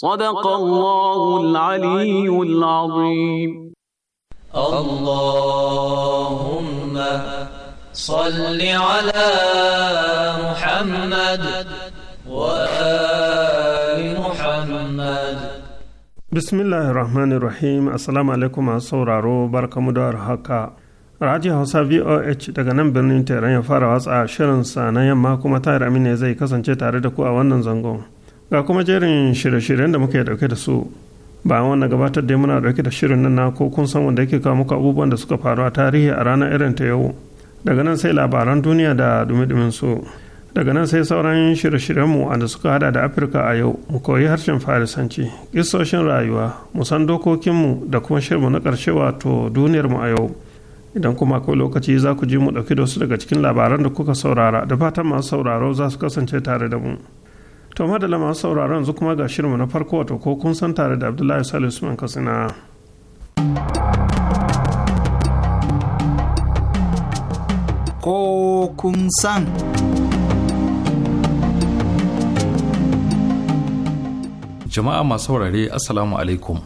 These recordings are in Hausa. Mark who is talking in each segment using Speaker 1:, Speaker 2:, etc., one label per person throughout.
Speaker 1: صدق الله العلي
Speaker 2: العظيم اللهم صل على محمد وآل محمد
Speaker 3: bismillahir rahmanir rahim assalamu alaikum masu sauraro barkamu da haka Raji hausa voh daga nan birnin teran ya fara watsa shirinsa na yamma kuma tayar amina zai kasance tare da ku a wannan zangon ga kuma jerin shirye-shiryen da muka dauke da su bayan wannan gabatar da muna dauke da shirin nan na ko kun san wanda yake kawo muku abubuwan da suka faru a tarihi a ranar irin ta yau daga nan sai labaran duniya da dumi-dumin su daga nan sai sauran shirye-shiryen mu da suka hada da afirka a yau mu koyi harshen farisanci kissoshin rayuwa mu san dokokin mu da kuma shirmu na karshe wato duniyar mu a yau idan kuma akwai lokaci za ku ji mu dauki da wasu daga cikin labaran da kuka saurara da fatan masu sauraro za su kasance tare da mu. to madalla masu sauraron zu kuma ga shirinmu na farko wato ko kun san tare da abdullahi salisu usman katsina
Speaker 1: ko kun san
Speaker 4: jama'a masu saurare assalamu alaikum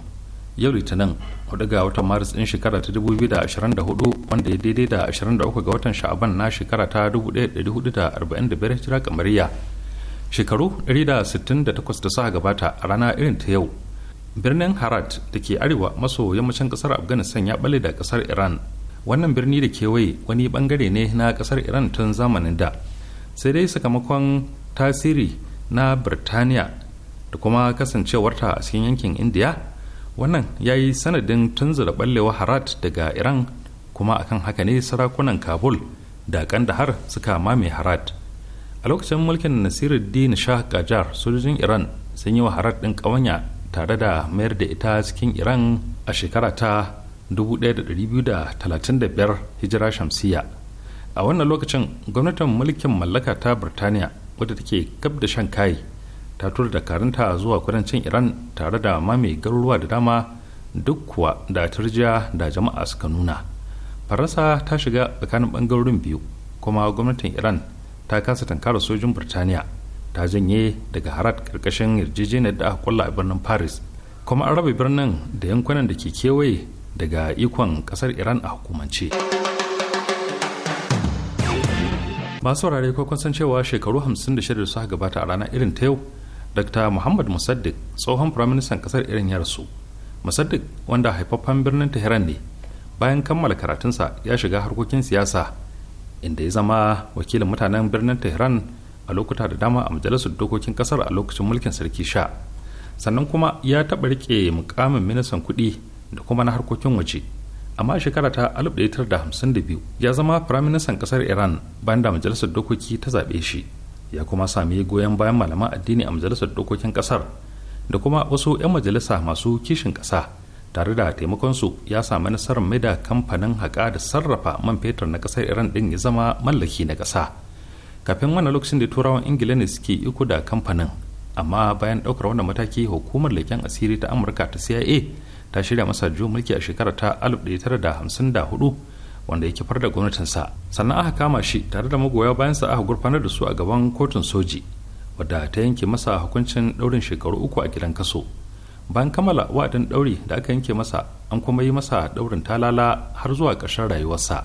Speaker 4: yau litinin hudu ga watan maris din shekara ta 2024 wanda ya daidai da 23 ga watan sha'aban na shekara ta 1445 hijira kamariya shekaru 168 da suka gabata a rana irin ta yau birnin harat da ke arewa maso yammacin kasar afghanistan ya bale da kasar iran wannan birni da kewaye wani bangare ne na kasar iran tun zamanin da sai dai sakamakon tasiri na birtaniya da kuma kasancewarta a cikin yankin indiya wannan ya yi sanadin tunzura ballewa harat daga iran kuma akan haka ne sarakunan kabul da kandahar suka mame harat a lokacin mulkin nasiruddin shah qajar sojojin iran sun yi wa ɗin ƙawanya tare da mayar da ita cikin iran a shekara ta 1235 hijira shamsiya a wannan lokacin gwamnatin mulkin mallaka ta birtaniya wadda take gab da shan kai ta tura da karinta zuwa kudancin iran tare da mame garuruwa da dama duk kuwa da turjiya da jama'a suka nuna faransa ta shiga tsakanin bangarorin biyu kuma gwamnatin iran ta kasa tankara sojin burtaniya ta janye daga harat karkashin yarjejeniyar da aka kulla a birnin paris kuma an raba birnin da yankunan da ke kewaye daga ikon kasar iran a hukumance masu wurare ko san cewa shekaru 56 da suka gabata a rana irin ta yau dr muhammad musaddiq tsohon firaministan kasar irin ya rasu musaddiq wanda haifaffen birnin tehran ne bayan kammala karatunsa ya shiga harkokin siyasa inda ya zama wakilin mutanen birnin tehran a lokuta da dama a majalisar dokokin kasar a lokacin mulkin sarki sha sannan kuma ya taɓa rike mukamin ministan kuɗi da kuma na harkokin waje amma a shekara ta 1952 ya zama firaministan kasar iran bayan da majalisar dokoki ta zaɓe shi ya kuma sami goyon bayan malaman addini a majalisar dokokin kasar da kuma wasu 'yan majalisa masu kishin ƙasa tare da taimakon su ya sami nasarar mai da kamfanin haƙa da sarrafa man fetur na ƙasar iran din ya zama mallaki na ƙasa kafin wannan lokacin da turawan ingila ne suke iko da kamfanin amma bayan ɗaukar wannan mataki hukumar leƙen asiri ta amurka ta cia ta shirya masa juyin mulki a shekara ta da da hamsin hudu wanda ya kifar da gwamnatinsa sannan aka kama shi tare da magoya bayan sa aka gurfanar da su a gaban kotun soji wadda ta yanke masa hukuncin ɗaurin shekaru uku a gidan kaso bayan kammala wa'adin ɗauri da aka yanke masa an kuma yi masa ɗaurin talala har zuwa ƙarshen rayuwarsa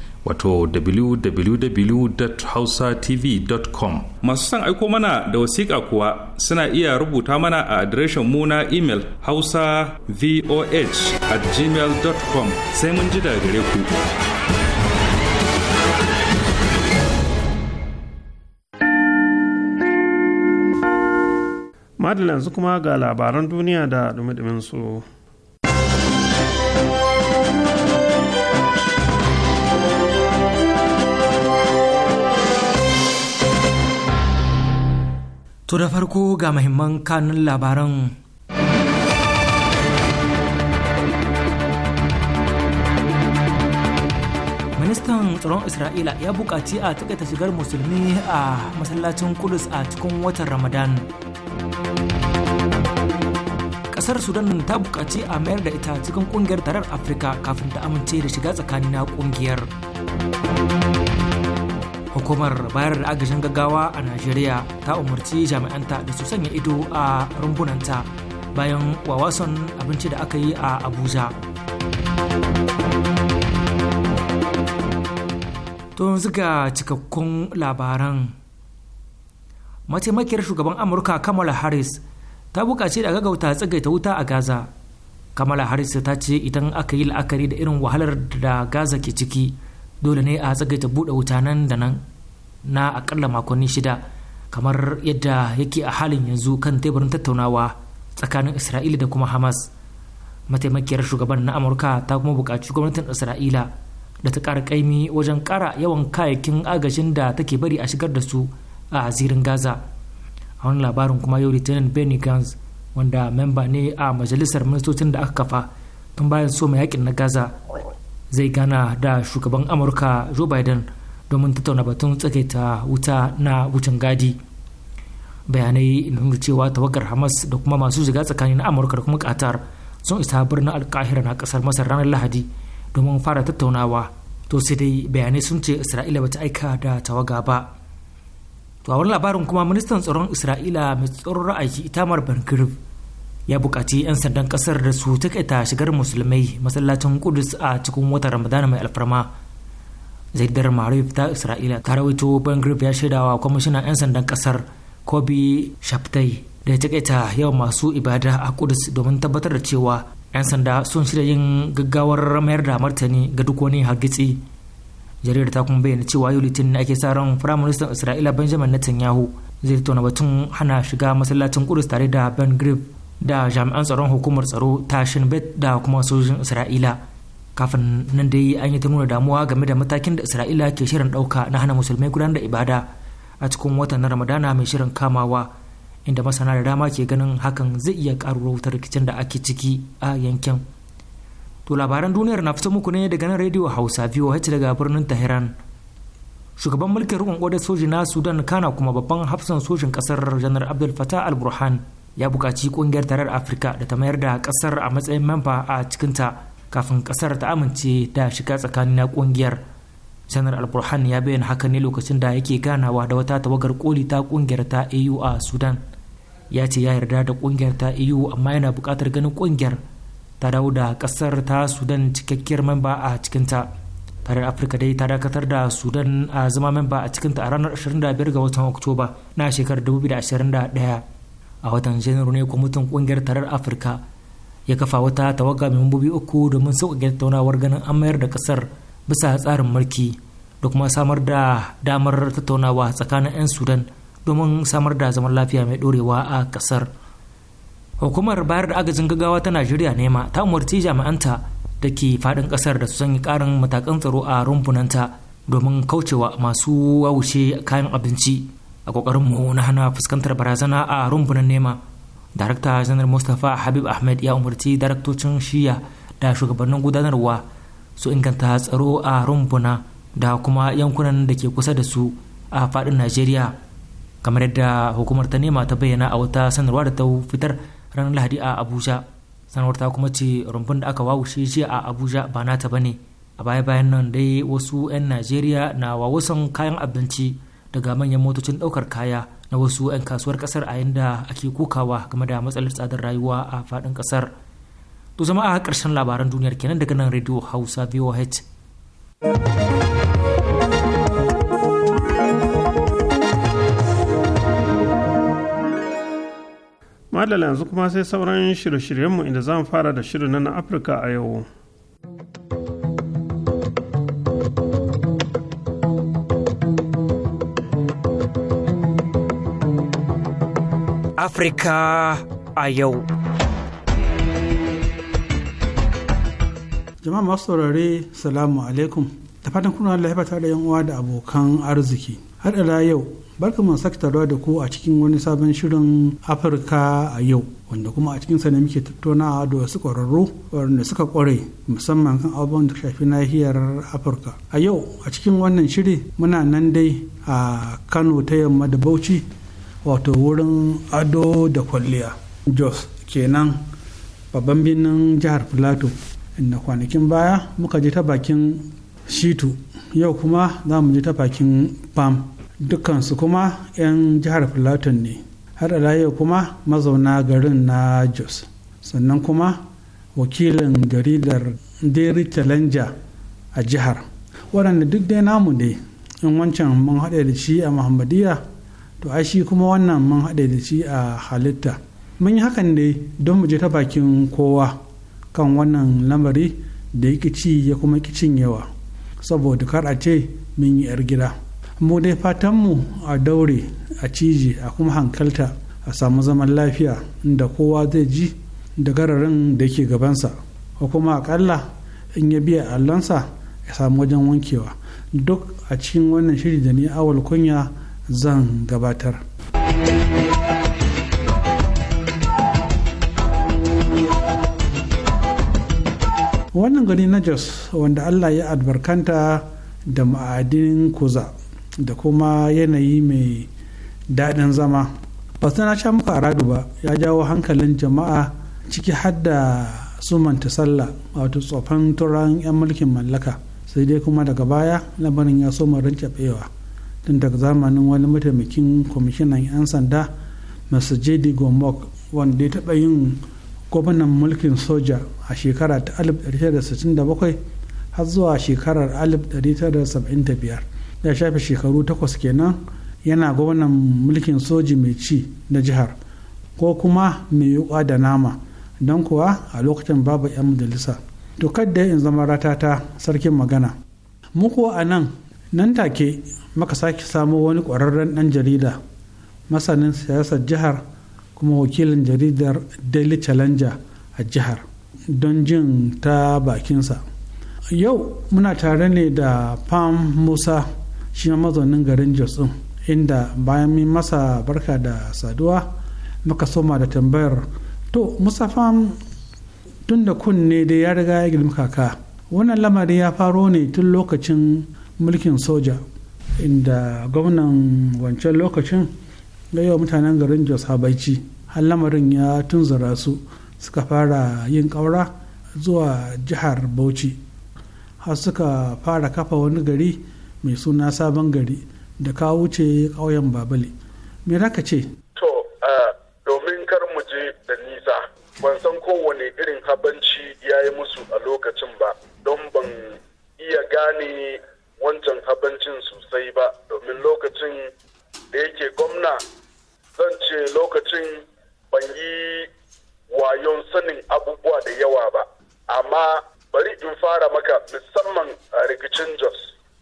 Speaker 4: wato www.hausatv.com masu son aiko mana da wasiƙa kuwa suna iya rubuta mana a adireshin mu na imel hausa voh at gmail.com sai mun ji daga gare ku
Speaker 3: madalla yanzu kuma ga labaran duniya da dumi su.
Speaker 2: To da farko ga mahimman kanun labaran ministan tsaron isra'ila ya buƙaci a ta shigar musulmi a masallacin kudus a cikin watan ramadan ƙasar sudan ta bukaci a mayar da ita cikin ƙungiyar tarar afirka kafin ta amince da shiga tsakanin na ƙungiyar hukumar bayar da agajin gaggawa a najeriya ta umarci jami'anta da su sanya ido a rumbunanta bayan wawason abinci da aka yi a abuja tun ziga cikakkun labaran mataimakiyar shugaban amurka kamala harris ta buƙaci da gagauta tsagaita wuta a gaza kamala harris ta ce idan aka yi la'akari da irin wahalar da gaza ke ciki dole ne a tsagaita buɗe wuta nan da nan na akalla makonni shida kamar yadda yake a halin yanzu kan teburin tattaunawa tsakanin isra'ila da kuma hamas mataimakiyar shugaban na amurka ta kuma buƙaci gwamnatin isra'ila da ta ƙara ƙaimi wajen ƙara yawan kayayyakin agajin da take bari a shigar da su a zirin gaza a wani labarin kuma yau litinin benny gans wanda memba ne a majalisar ministocin da aka kafa tun bayan soma yakin na gaza zai gana da shugaban amurka joe biden domin tattauna batun tsakaita wuta na wucin gadi bayanai na nuna cewa tawagar hamas da kuma masu shiga tsakanin amurka da kuma qatar sun isa birnin alkahira na kasar masar ranar lahadi domin fara tattaunawa to sai dai bayanai sun ce isra'ila bata aika da tawaga ba to a wani labarin kuma ministan tsaron isra'ila mai tsoron ra'ayi itamar ben ya bukaci 'yan sandan ƙasar da su takaita shigar musulmai masallacin kudus a cikin wata ramadana mai alfarma zaidar maruf ta isra'ila ta rawaito ben ya shaidawa kwamishinan 'yan sandan ƙasar kobi shaftai da ya takaita yawan masu ibada a kudus domin tabbatar da cewa 'yan sanda sun shirya yin gaggawar mayar da martani ga duk wani hargitsi jaridar ta kuma bayyana cewa yau litinin ake sa ran firaministan isra'ila benjamin netanyahu zai tona batun hana shiga masallacin kudus tare da ben da jami'an tsaron hukumar tsaro ta shinbet da kuma sojojin isra'ila kafin nan dai an yi ta nuna damuwa game da matakin da isra'ila ke shirin ɗauka na hana musulmai gudanar da ibada a cikin watan na ramadana mai shirin kamawa inda masana da dama ke ganin hakan zai iya karuwa ta rikicin da ake ciki a yankin to labaran duniyar na fito muku ne daga nan rediyo hausa voh daga birnin tehran shugaban mulkin rukun odar soji na sudan kana kuma babban hafsan sojin kasar janar abdul fatah al-burhan ya bukaci ƙungiyar tarar afirka da ta mayar da kasar a matsayin mamba a cikinta kafin ƙasar ta amince da shiga tsakanin na ƙungiyar janar alburhan ya bayyana haka ne lokacin da yake ganawa da wata tawagar koli ta kungiyar ta au a sudan ya ce ya yarda da ƙungiyar ta au amma yana bukatar ganin kungiyar ta dawo da ƙasar ta sudan cikakkiyar mamba a cikinta tarar afirka dai ta dakatar da sudan a zama mamba a cikinta a ranar 25 ga watan oktoba na shekarar 2021 a watan janairu ne kwamitin kungiyar tarar afirka ya kafa wata tawaga mai uku domin sauƙaƙe tattaunawar ganin an mayar da ƙasar bisa tsarin mulki da kuma samar da damar tattaunawa tsakanin 'yan sudan domin samar da zaman lafiya mai ɗorewa a ƙasar hukumar bayar da agajin gaggawa ta najeriya nema ta umarci jami'anta da ke faɗin ƙasar da su sanya ƙarin matakan tsaro a rumfunanta domin kaucewa masu wawushe kayan abinci a kokarin mu na hana fuskantar barazana a rumbunan nema darakta janar mustapha habib ahmed ya umarci daraktocin shiya da shugabannin gudanarwa su inganta tsaro a rumbuna da kuma yankunan da ke kusa da su a fadin najeriya kamar yadda hukumar ta nema ta bayyana a wata sanarwa da ta fitar ranar lahadi a abuja sanarwar ta kuma ce rumbun da aka wawushe jiya a abuja ba nata ne a baya bayan nan dai wasu 'yan najeriya na wawusan kayan abinci daga manyan motocin ɗaukar kaya na wasu 'yan kasuwar ƙasar a yanda ake kokawa game da matsalar tsadar rayuwa a faɗin ƙasar to zama a ƙarshen labaran duniyar kenan daga nan radio hausa voh
Speaker 3: madalla yanzu kuma sai sauran shirye-shiryenmu inda za mu fara da shirin na afirka a yau
Speaker 2: Afirka a yau.
Speaker 5: Jama'a masu saurare, Salamu alaikum. Da fatan kuna Allah ya da yan uwa da abokan arziki. Har ila yau, barka mu sake taruwa da ku a cikin wani sabon shirin Afirka a yau. Wanda kuma a cikinsa ne muke tattaunawa da wasu ƙwararru wanda suka ƙware musamman kan abubuwan da shafi nahiyar Afirka. A yau a cikin wannan shiri muna nan dai a Kano ta yamma da Bauchi wato wurin ado da kwalliya jos kenan babban birnin jihar plateau inda kwanakin baya muka je ta bakin shitu yau kuma za mu je ta bakin pam dukansu kuma 'yan jihar plateau ne har yau kuma mazauna garin na jos sannan kuma wakilin jaridar daily challenger a jihar waɗanda duk dai namu ne in wancan mun haɗe da shi a muhammadiyya to ai shi kuma wannan mun haɗe da shi a halitta mun yi hakan ne don mu je ta bakin kowa kan wannan lamari da ya ci ya kuma kicin yawa saboda kar a ce mun yi yar gida mu dai fatanmu a daure a cije a kuma hankalta a samu zaman lafiya da kowa zai ji da gararin da ke gabansa ko kuma akalla in ya biya allonsa ya samu wajen wankewa duk a cikin wannan shiri da ni awal kunya zan gabatar wannan gani na jos wanda allah ya albarkanta da ma'adin kuza da kuma yanayi mai daɗin zama ba na sha muka aradu ba ya jawo hankalin jama'a ciki har da sumanta sallah wato tsofan turan 'yan mulkin mallaka sai dai kuma daga baya labarin ya soma rincaɓewa tun daga zamanin wani mataimakin kwamishinan 'yan sanda masajidi gomok wanda ya taba yin gwamnan mulkin soja a shekara ta 1967 har zuwa shekarar 1975 ya shafe shekaru takwas kenan yana gwamnan mulkin soji mai ci na jihar ko kuma mai yiwuwa da nama don kuwa a lokacin babu 'yan majalisa to kadda in zama ratata sarkin magana mu a nan nan take maka sake samo wani ƙwararren ɗan jarida masanin siyasar jihar kuma wakilin jaridar daily challenger a jihar don jin ta bakinsa yau muna tare ne da pam musa shi mazaunin garin jos ɗin inda bayan min masa barka da saduwa maka soma da tambayar to musa pam tun da kunne da ya riga ya girma kaka wannan lamari ya faro ne tun lokacin mulkin soja inda gwamnan wancan lokacin ya yi mutanen garin jos habaici har lamarin ya tunzura su suka fara yin kaura zuwa jihar bauchi har suka fara kafa wani gari mai suna sabon gari da kawo wuce ƙauyen babale me raka ce to
Speaker 1: domin kar mu je da nisa ban san kowane irin habanci ya yi musu a lokacin ba don ban iya gane wancan habancin sosai ba domin lokacin da yake gwamna zan ce lokacin ban yi wayon sanin abubuwa da yawa ba amma bari in fara maka musamman a rikicin jos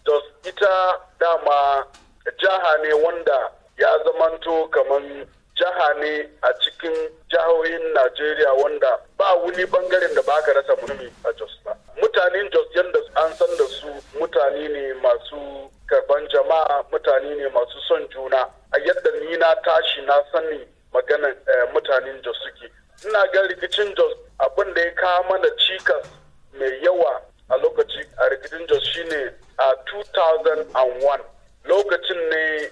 Speaker 1: jos ita dama jaha ne wanda ya zamanto kamar jaha ne a cikin jihohin najeriya wanda ba wani bangaren da baka rasa mulmi a jos mutanen jos yadda an san da su mutane ne masu karban jama'a mutane ne masu son juna a yadda ni na tashi na sani maganan eh, mutanen jos suke ina ga rikicin jos abin da ya kawo mana cikas mai yawa a lokaci a rikicin jos shine a 2001 lokacin ne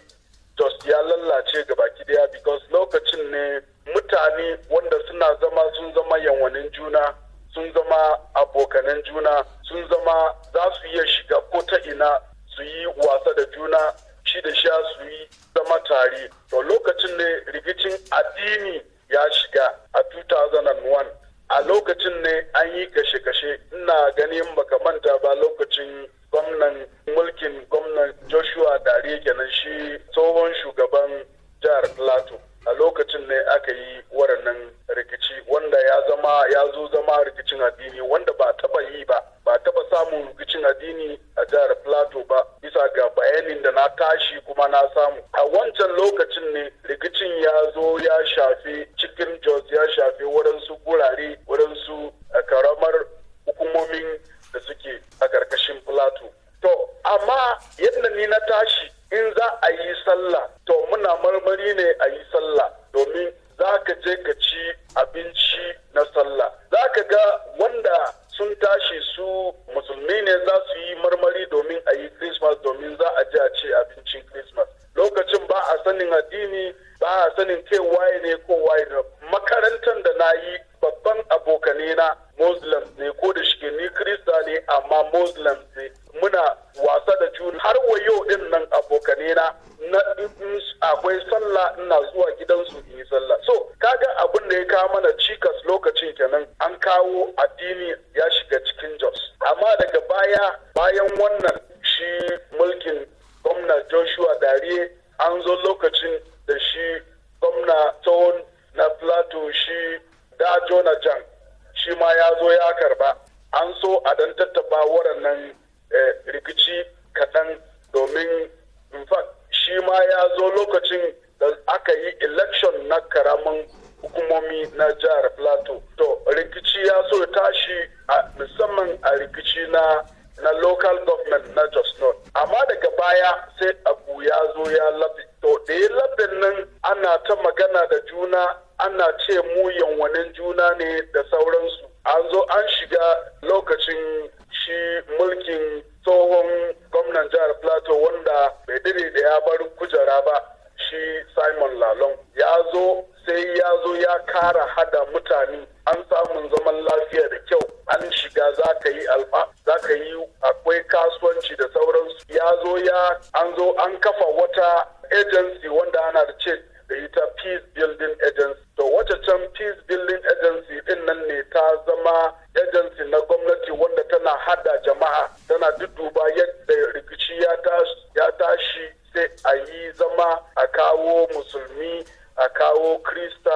Speaker 1: jos ya lallace ga baki daya because lokacin ne mutane wanda suna zama sun zama yanwanin juna sun zama abokanan juna sun zama za su iya shiga ko ta ina su yi wasa da juna shi da sha su yi zama tare to lokacin ne rikicin addini ya shiga a 2001 a lokacin ne an yi kashe-kashe ina ganin baka manta ba lokacin gwamnan mulkin gwamnan joshua dare kenan shi tsohon shugaban jihar plateau a lokacin ne aka yi waɗannan rikici wanda ya zama ya zo zama rikicin addini wanda ba taba yi ba ba taba samun rikicin addini a jihar plateau ba bisa ga bayanin da na tashi kuma na samu a wancan lokacin ne ya kara hada mutane an samun zaman lafiya da kyau an shiga za ka yi alba za ka yi akwai kasuwanci da sauransu ya zo ya an zo an kafa wata agency wanda ana da ce da ita peace building agency to wacce can peace building agency din nan ne ta zama agency na gwamnati wanda tana hada jama'a tana duduba yadda rikici ya tashi sai a yi zama a kawo musulmi a kawo krista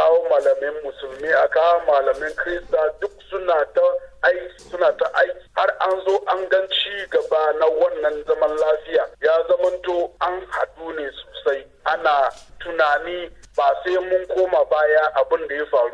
Speaker 1: kawo malamin musulmi a kawo malamin krista duk suna ta aiki suna ta aiki har an zo an gan ci gaba na wannan zaman lafiya ya zamanto an haɗu ne sosai ana tunani ba sai mun koma baya abin da ya faru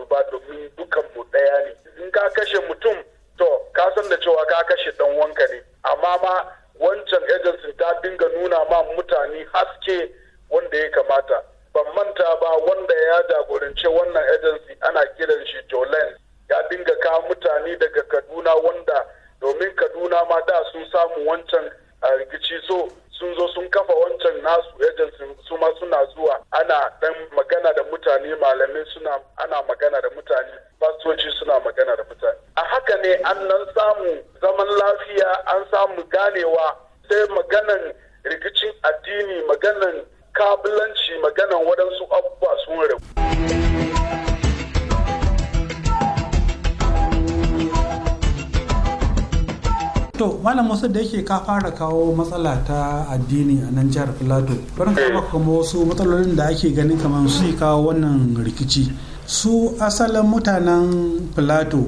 Speaker 5: ka fara kawo matsala ta addini a nan jihar Filato. Barin kama kuma wasu matsalolin da ake ganin kamar su kawo wannan rikici. Su asalin mutanen Filato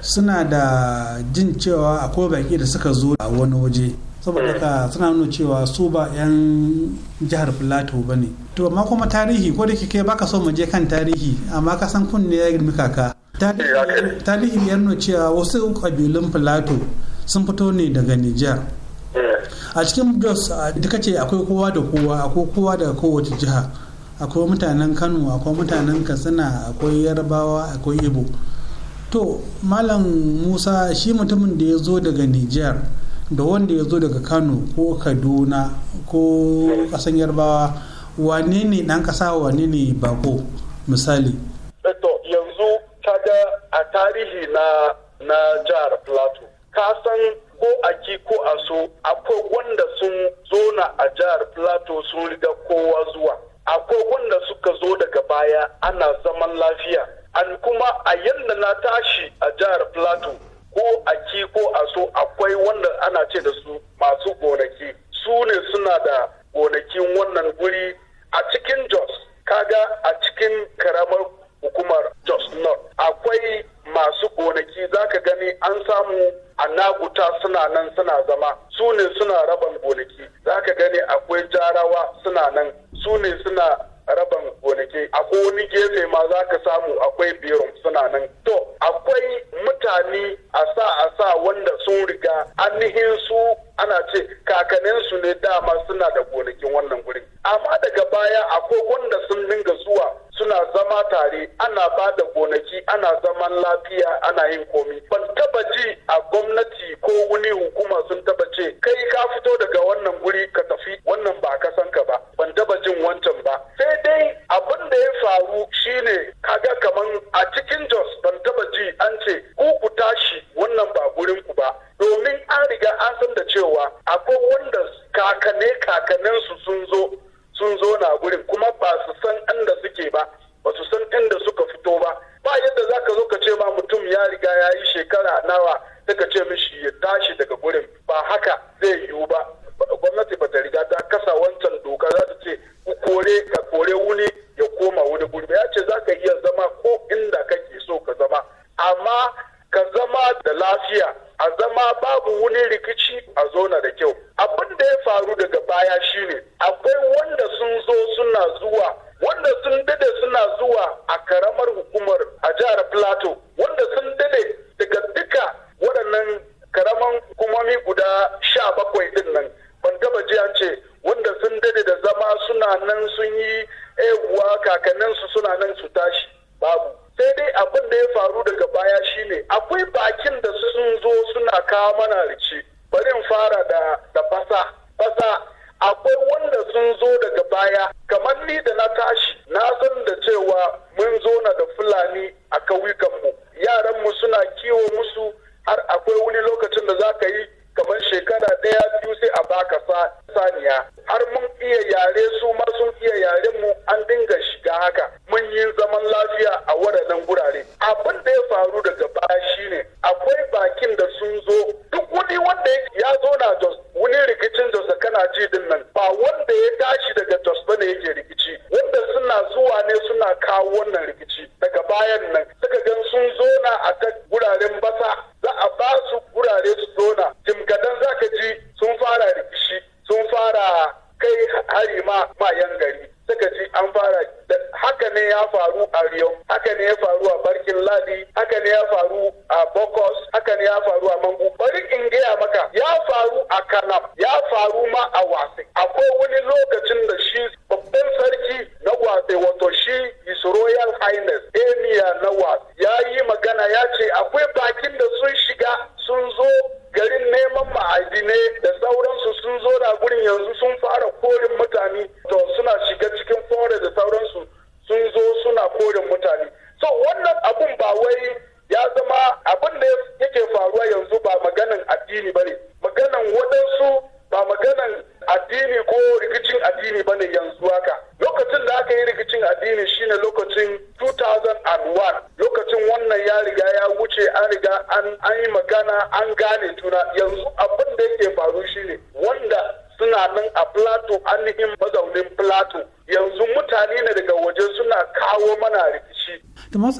Speaker 5: suna da jin cewa akwai baki da suka zo a wani waje. saboda ka suna nuna cewa su ba 'yan jihar Filato ba ne. To amma kuma tarihi ko da kike baka so mu je kan tarihi amma ka san kunne ya girmi kaka. Tarihi eh, ya nuna cewa wasu kabilun Filato sun fito ne daga Nijar a cikin jos duka ce akwai kowa da kowa akwai kowa daga kowace jiha akwai mutanen kano akwai mutanen katsina akwai yarbawa akwai ibo to malam musa shi mutumin da ya zo daga niger da wanda ya zo daga kano ko kaduna ko kasan yarbawa wane ne dan kasa wane ne bako misali
Speaker 1: eh, to yanzu kaga a tarihi na na jihar plateau ka san ko a ki ko a so akwai wanda sun zona a jihar plateau sun riga kowa zuwa akwai wanda suka zo daga baya ana zaman lafiya an kuma a yadda na tashi a jihar plateau ko a ki ko a so akwai wanda ana ce da su masu gonaki su ne suna da gonakin wannan guri a cikin jos kaga a cikin karamar hukumar Jos North. Akwai masu gonaki zaka gani an samu a naguta suna nan suna zama su ne suna raban gonaki zaka gani akwai jarawa suna nan su ne suna raban gonaki a wani gefe ma zaka samu akwai birum suna nan to akwai mutane a sa a sa wanda sun riga ainihin su ana ce kakaninsu ne dama suna da gonakin wannan gurin amma daga baya akwai da sun dinga zuwa suna zama tare ana ba da gonaki ana zaman lafiya ana yin komi ban taba ji a gwamnati ko wani hukuma sun taba ce kai ka fito daga wannan guri ka tafi wannan ba ka san ka ba ban taba jin wancan ba sai dai abin da ya faru shine kaga kaman a cikin jos ban taba ji an ce ku ku tashi kakanninsu sun zo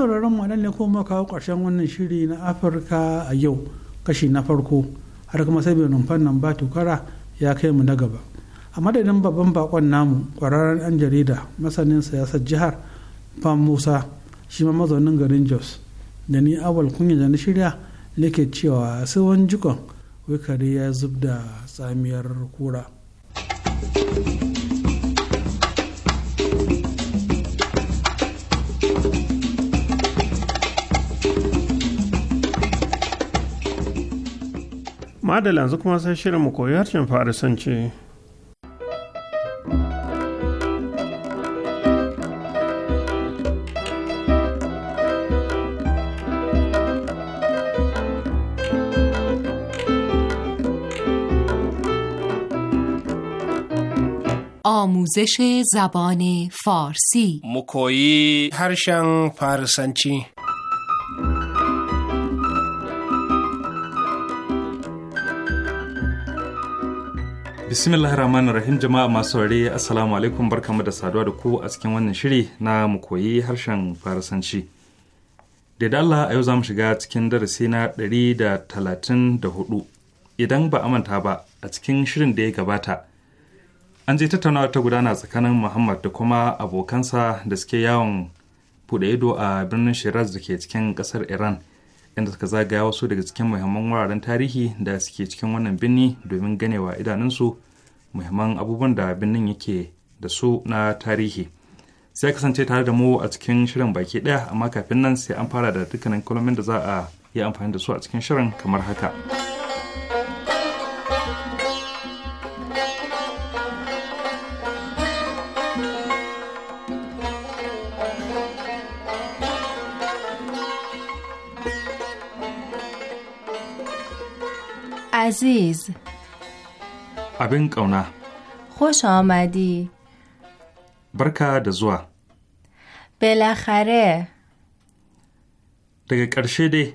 Speaker 5: sauraron mu ne kuma kawo ƙarshen wannan shiri na afirka a yau kashi na farko har kuma sai bai numfan nan ba tukara ya kai mu na gaba a madadin babban bakon namu ƙwararren yan jarida masanin siyasar jihar fam musa shi ma mazaunin garin jos da ni awal kunya da na shirya nake cewa sai wani jikon wikari ya zub da tsamiyar kura
Speaker 3: da yanzu kuma sai shirin mu koyi harshen farisanci.
Speaker 6: آموزش زبان فارسی
Speaker 4: مکویی هرشن فارسنچی bismillahir rahmanir rahim jama'a masu saurari assalamu alaikum barkamu da saduwa da ku a cikin wannan shiri na mu koyi harshen farasanci da Allah a yau za mu shiga cikin darasi na ɗari da talatin da hudu idan ba a manta ba a cikin shirin da ya gabata an je tattaunawa ta gudana tsakanin muhammad da kuma abokansa da suke yawon buɗe ido a birnin shiraz da ke cikin ƙasar iran inda suka zagaya wasu daga cikin muhimman wuraren tarihi da suke cikin wannan birni domin ganewa idanunsu muhimman abubuwan da birnin yake da su na tarihi sai kasance tare da mu a cikin shirin baki ɗaya amma kafin nan sai an fara da dukkanin kalamin da za a yi amfani da su a cikin shirin kamar haka.
Speaker 6: aziz. خوش آمدی
Speaker 4: برکه da
Speaker 6: بالاخره
Speaker 4: daga ƙarshe دی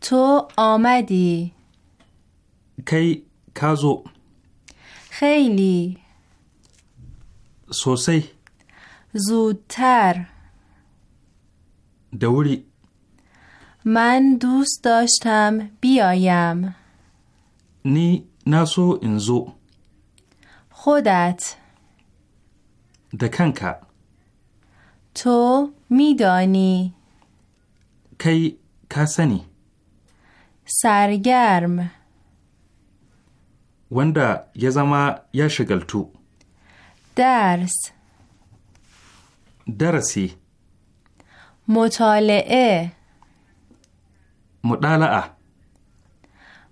Speaker 6: تو آمدی
Speaker 4: کی کازو
Speaker 6: خیلی سوسی زودتر دوری من دوست داشتم بیایم
Speaker 4: نی ناسو انزو
Speaker 6: خودت دکنکا تو میدانی
Speaker 4: کی کسنی
Speaker 6: سرگرم
Speaker 4: وندا یا زما یا درس درسی
Speaker 6: مطالعه
Speaker 4: مطالعه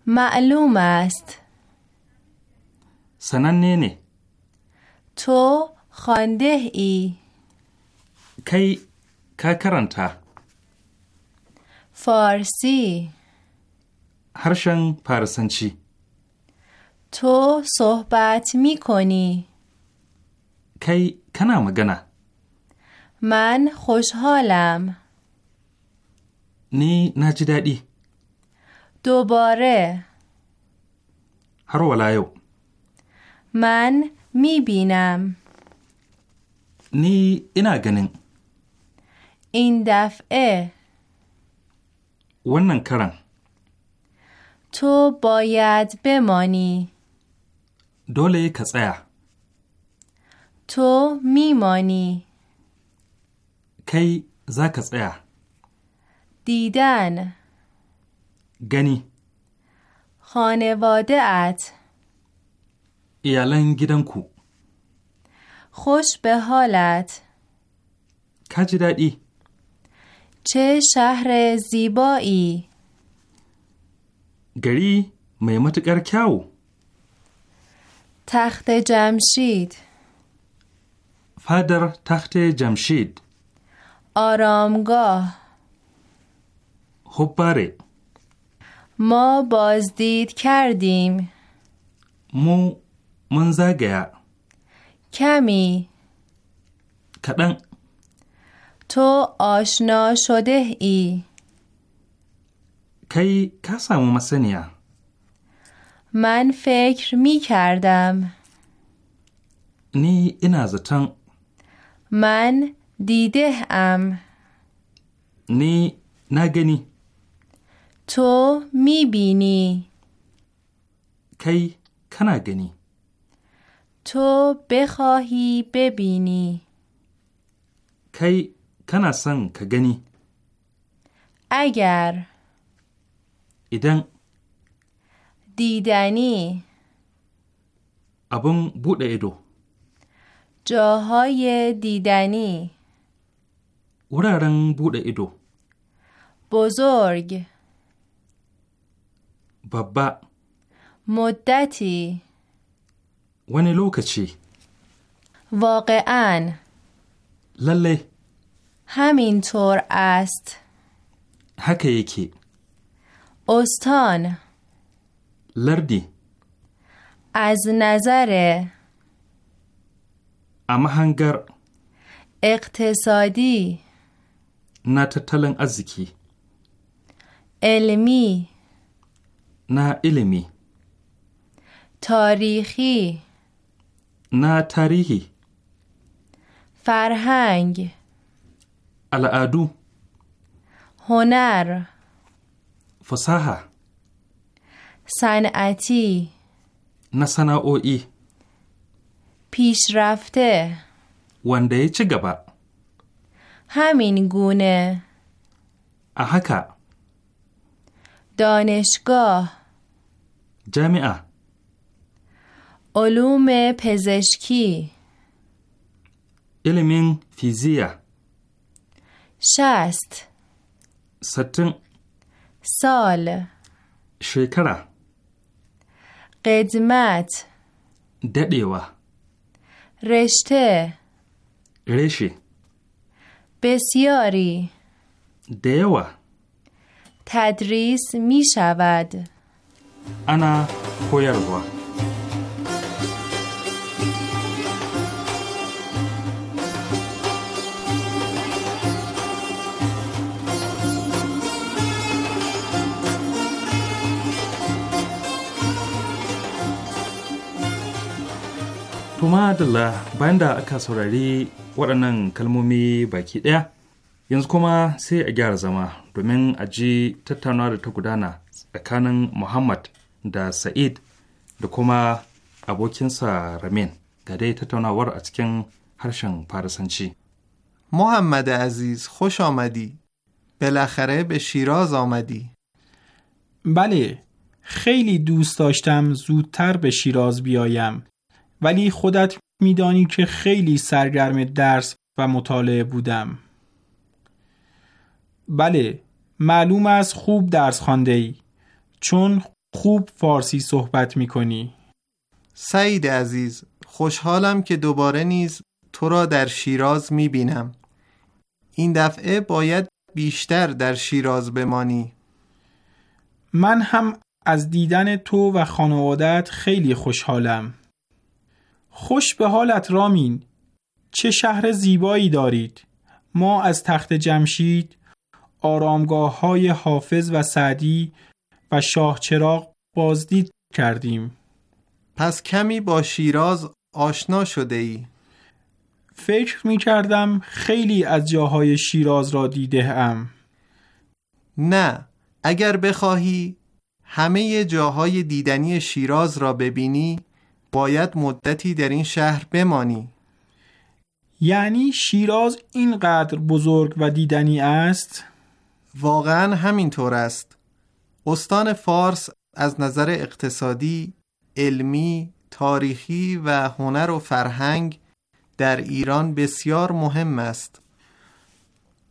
Speaker 6: معلوم است
Speaker 4: سننه نه
Speaker 6: تو خانده ای
Speaker 4: کی که کرنتا
Speaker 6: فارسی
Speaker 4: هرشن پارسنچی
Speaker 6: تو صحبت می کنی
Speaker 4: کی کنا مگنا
Speaker 6: من خوشحالم
Speaker 4: نی نجدادی
Speaker 6: دوباره هر ولایو من می بینم
Speaker 4: نی اینا گنین
Speaker 6: این دفعه
Speaker 4: ونن کرن
Speaker 6: تو باید بمانی
Speaker 4: دوله کسایا
Speaker 6: تو میمانی
Speaker 4: کی زا کسایا
Speaker 6: دیدن گنی خانواده ات
Speaker 4: ایالن گیدن کو
Speaker 6: خوش به حالت
Speaker 4: کجی
Speaker 6: چه شهر زیبایی
Speaker 4: گری می متکر
Speaker 6: تخت جمشید
Speaker 4: فدر تخت جمشید
Speaker 6: آرامگاه
Speaker 4: خوباره
Speaker 6: ما بازدید کردیم
Speaker 4: مو من زاگیا
Speaker 6: کمی کدن تو آشنا شده ای
Speaker 4: کی کسمو مسنیا
Speaker 6: من فکر می کردم
Speaker 4: نی این از
Speaker 6: من دیده ام
Speaker 4: نی نگنی
Speaker 6: تو می بینی
Speaker 4: کی کنا
Speaker 6: تو بخواهی ببینی
Speaker 4: کی کنا سن که گنی
Speaker 6: اگر ایدن دیدنی
Speaker 4: ابون بوده ایدو
Speaker 6: جاهای دیدنی
Speaker 4: ورارن بوده ایدو
Speaker 6: بزرگ بابا مدتی
Speaker 4: ونه لوکچی
Speaker 6: واقعا لله همینطور است
Speaker 4: هک یکی
Speaker 6: استان لردی از نظر
Speaker 4: امهنگر
Speaker 6: اقتصادی
Speaker 4: نه تتلن
Speaker 6: علمی
Speaker 4: نه علمی
Speaker 6: تاریخی
Speaker 4: نه تاریخی
Speaker 6: فرهنگ العدو هنر فصحه صنعتی نه پیشرفته
Speaker 4: ونده ya گبا
Speaker 6: همین گونه
Speaker 4: احکا
Speaker 6: دانشگاه جامعه علوم پزشکی
Speaker 4: علم فیزیا
Speaker 6: شست ستن سال شکره قدمت ددیوه رشته رشی بسیاری دیوه تدریس می شود
Speaker 4: انا کویروا Kuma Dalla bayan da aka saurari waɗannan kalmomi baki ɗaya, yanzu kuma sai a gyara zama domin a ji tattaunawa da ta gudana tsakanin Muhammad da Sa'id da kuma abokinsa Ramin ga dai tattaunawar a cikin harshen Farisanci. muhammad aziz خوش
Speaker 7: آمدی بالاخره به شیراز آمدی بله
Speaker 8: خیلی دوست داشتم زودتر به شیراز بیایم ولی خودت میدانی که خیلی سرگرم درس و مطالعه بودم بله معلوم از خوب درس خانده ای چون
Speaker 7: خوب فارسی صحبت می کنی سعید عزیز خوشحالم که دوباره نیز تو را در شیراز می بینم این دفعه باید بیشتر در شیراز بمانی من هم
Speaker 8: از دیدن تو و خانوادت خیلی خوشحالم خوش به حالت رامین چه شهر زیبایی دارید ما از تخت جمشید آرامگاه های حافظ و سعدی و شاه چراغ بازدید کردیم پس کمی با شیراز آشنا شده ای فکر می کردم خیلی از جاهای شیراز را
Speaker 7: دیده ام نه اگر بخواهی همه جاهای دیدنی شیراز را ببینی باید مدتی در این شهر بمانی
Speaker 8: یعنی شیراز اینقدر بزرگ و دیدنی
Speaker 7: است؟ واقعا همینطور است استان فارس از نظر اقتصادی، علمی، تاریخی و هنر و فرهنگ در ایران بسیار مهم است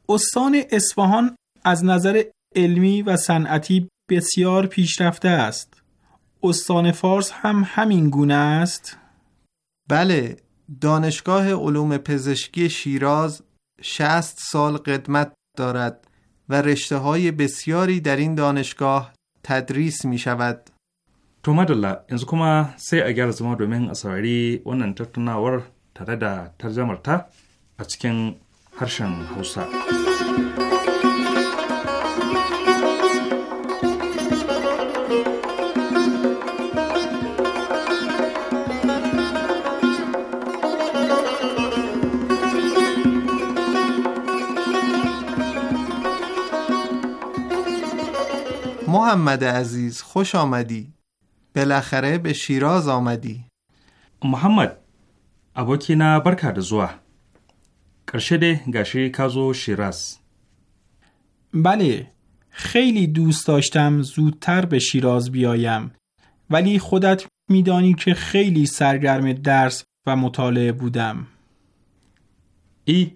Speaker 7: استان
Speaker 8: اصفهان از نظر علمی و صنعتی بسیار پیشرفته
Speaker 7: است استان فارس هم همین گونه است؟ بله دانشگاه علوم پزشکی شیراز شست سال قدمت دارد و رشته های بسیاری در این دانشگاه تدریس می شود
Speaker 4: تو مدلا انزو کومه سی اگر زما دومین اصاری ونن تتناور تره دا ترجمه تا اچکن هرشن حوصا
Speaker 7: محمد عزیز خوش
Speaker 4: آمدی بالاخره به شیراز آمدی محمد ابوکی نا da زوا. ƙarshe dai گشه شیراز بله خیلی دوست داشتم زودتر به شیراز
Speaker 8: بیایم ولی خودت میدانی که خیلی سرگرم درس و مطالعه
Speaker 4: بودم ای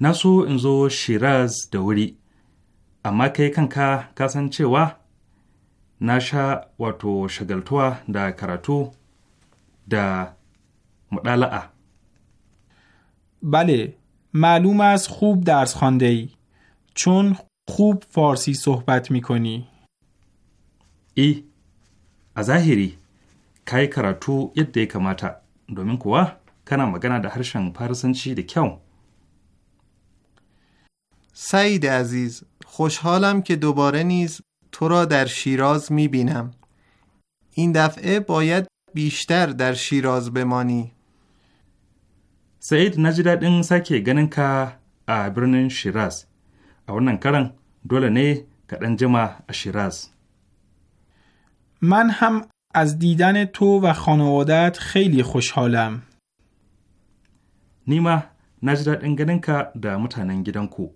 Speaker 4: نسو انزو شیراز دوری amma kai kanka ka san cewa na sha wato shagaltuwa da karatu da muɗala'a. Bale, maluma su kub da arzikondai, cun kub farsi sohbat mikoni. I, a zahiri, ka yi karatu yadda ya kamata, domin kuwa, kana magana da harshen farsanci da kyau.
Speaker 7: Sai da Aziz, خوشحالم که دوباره نیز تو را در شیراز می بینم. این دفعه باید بیشتر در شیراز بمانی.
Speaker 4: سعید نجی daɗin sake گنن که برنن شیراز. Shiraz. کرن wannan karan dole ne شیراز
Speaker 8: من هم از دیدن تو و خانوادت خیلی خوشحالم.
Speaker 4: نیما نجی daɗin که در da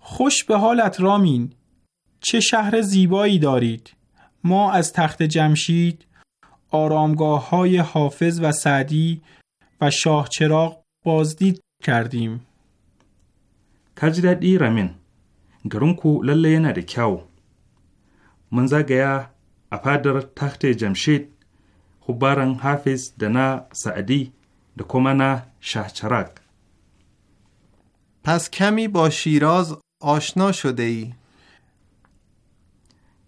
Speaker 4: خوش به حالت رامین چه شهر زیبایی
Speaker 8: دارید ما از تخت جمشید آرامگاه های حافظ و سعدی و شاه چراغ بازدید کردیم
Speaker 4: تجدیدی رامین گرونکو لله yana da منزه تخت اپادر تخت جمشید taht حافظ حافظ دنا سعدی na sa'adi
Speaker 7: پس کمی با شیراز آشنا شده ای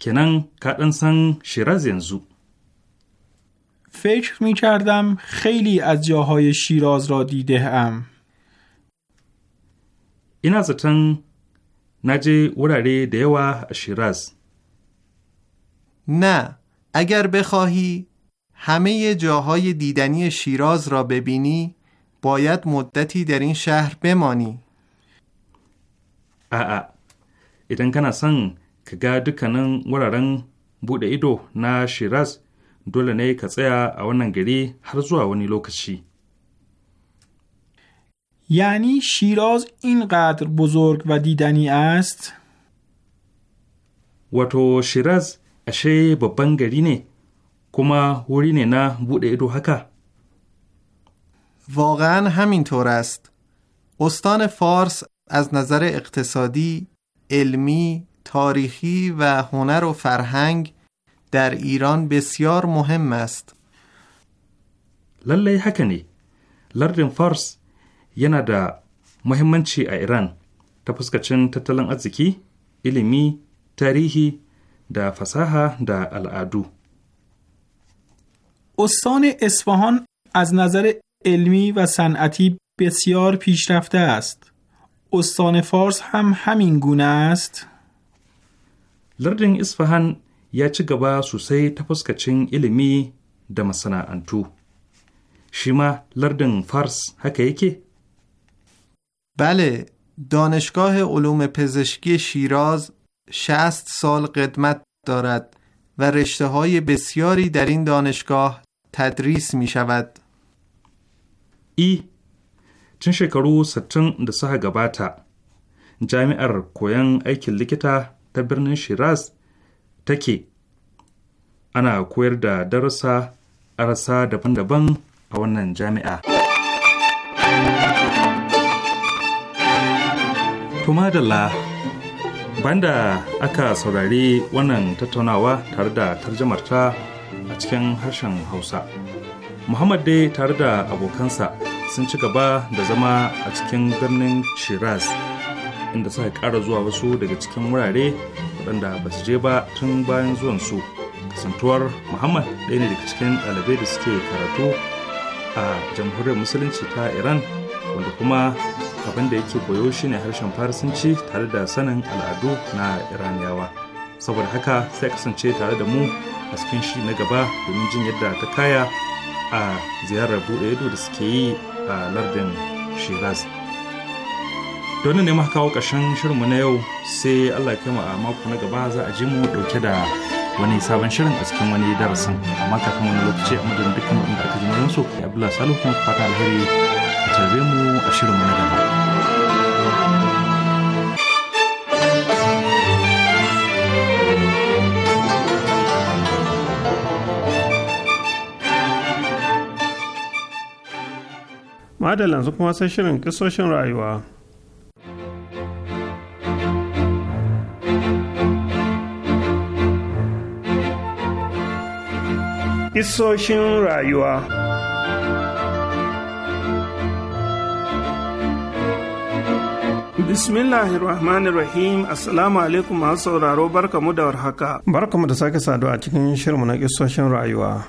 Speaker 7: کنن سن شیراز ینزو فکر می کردم
Speaker 4: خیلی از جاهای شیراز را دیده ام این از تن نجه وراره دیوه شیراز
Speaker 7: نه اگر بخواهی همه جاهای دیدنی شیراز را ببینی باید مدتی در این شهر بمانی
Speaker 4: A'a, idan kana son ka ga dukkanin wuraren buɗe ido na Shiraz, dole ne ka tsaya a wannan gari har zuwa wani lokaci. Yani Shiraz in ƙatar bozor va didani ast? Wato Shiraz ashe babban gari ne, kuma wuri ne na buɗe ido haka? واقعا همینطور است. استان
Speaker 7: از نظر اقتصادی، علمی، تاریخی و هنر و فرهنگ در ایران بسیار مهم است.
Speaker 4: للی حکنی، لردن فارس یه دا مهمانچی چی ایران تا پسکچن تتلن ازیکی، علمی، تاریخی دا فساها دا الادو. استان اصفهان
Speaker 8: از نظر علمی و صنعتی بسیار پیشرفته است.
Speaker 4: استان فارس هم همین گونه است؟ لردن اصفهان یا چی گبا سوسی تپسکچین علمی ilimi da شما لردن لردن lardin حکه بله
Speaker 7: دانشگاه علوم پزشکی شیراز شست سال قدمت دارد و رشته های بسیاری در این دانشگاه تدریس می شود.
Speaker 4: ای tun shekaru 60 da suka gabata jami'ar koyon aikin likita ta birnin shiraz take ana koyar da darasa arasa daban-daban a wannan jami'a tumadala banda aka saurari wannan tattaunawa tare da tarjamarta a cikin harshen hausa muhammad dai tare da abokansa sun ci gaba da zama a cikin birnin shiraz inda suka kara zuwa wasu daga cikin wurare waɗanda ba su je ba tun bayan zuwan su kasantuwar muhammad ɗaya ne daga cikin ɗalibai da suke karatu a jamhuriyar musulunci ta iran wanda kuma abin da yake koyo shine harshen farisanci tare da sanin al'adu na iraniyawa saboda haka sai kasance tare da mu a cikin shi na gaba domin jin yadda ta kaya a ziyarar buɗe ido da suke yi a lardin shiraz Donin ne kawo ƙarshen shirinmu na yau sai allah kai a mako na gaba za a ji mu ɗauke da wani sabon shirin a cikin wani darasin amma kafin wani lokaci a madadin dukkan wanda aka ji murin su abdullahi salihu fata alheri a tarbe mu a shirinmu na gaba.
Speaker 3: madalansu kuma sai shirin kisoshin rayuwa isoshin rayuwa Bismillahirrahmanirrahim Assalamu alaikum masu sauraro barkamu da warhaka. Barkamu da sake saduwa a cikin shirmu na kisoshin rayuwa.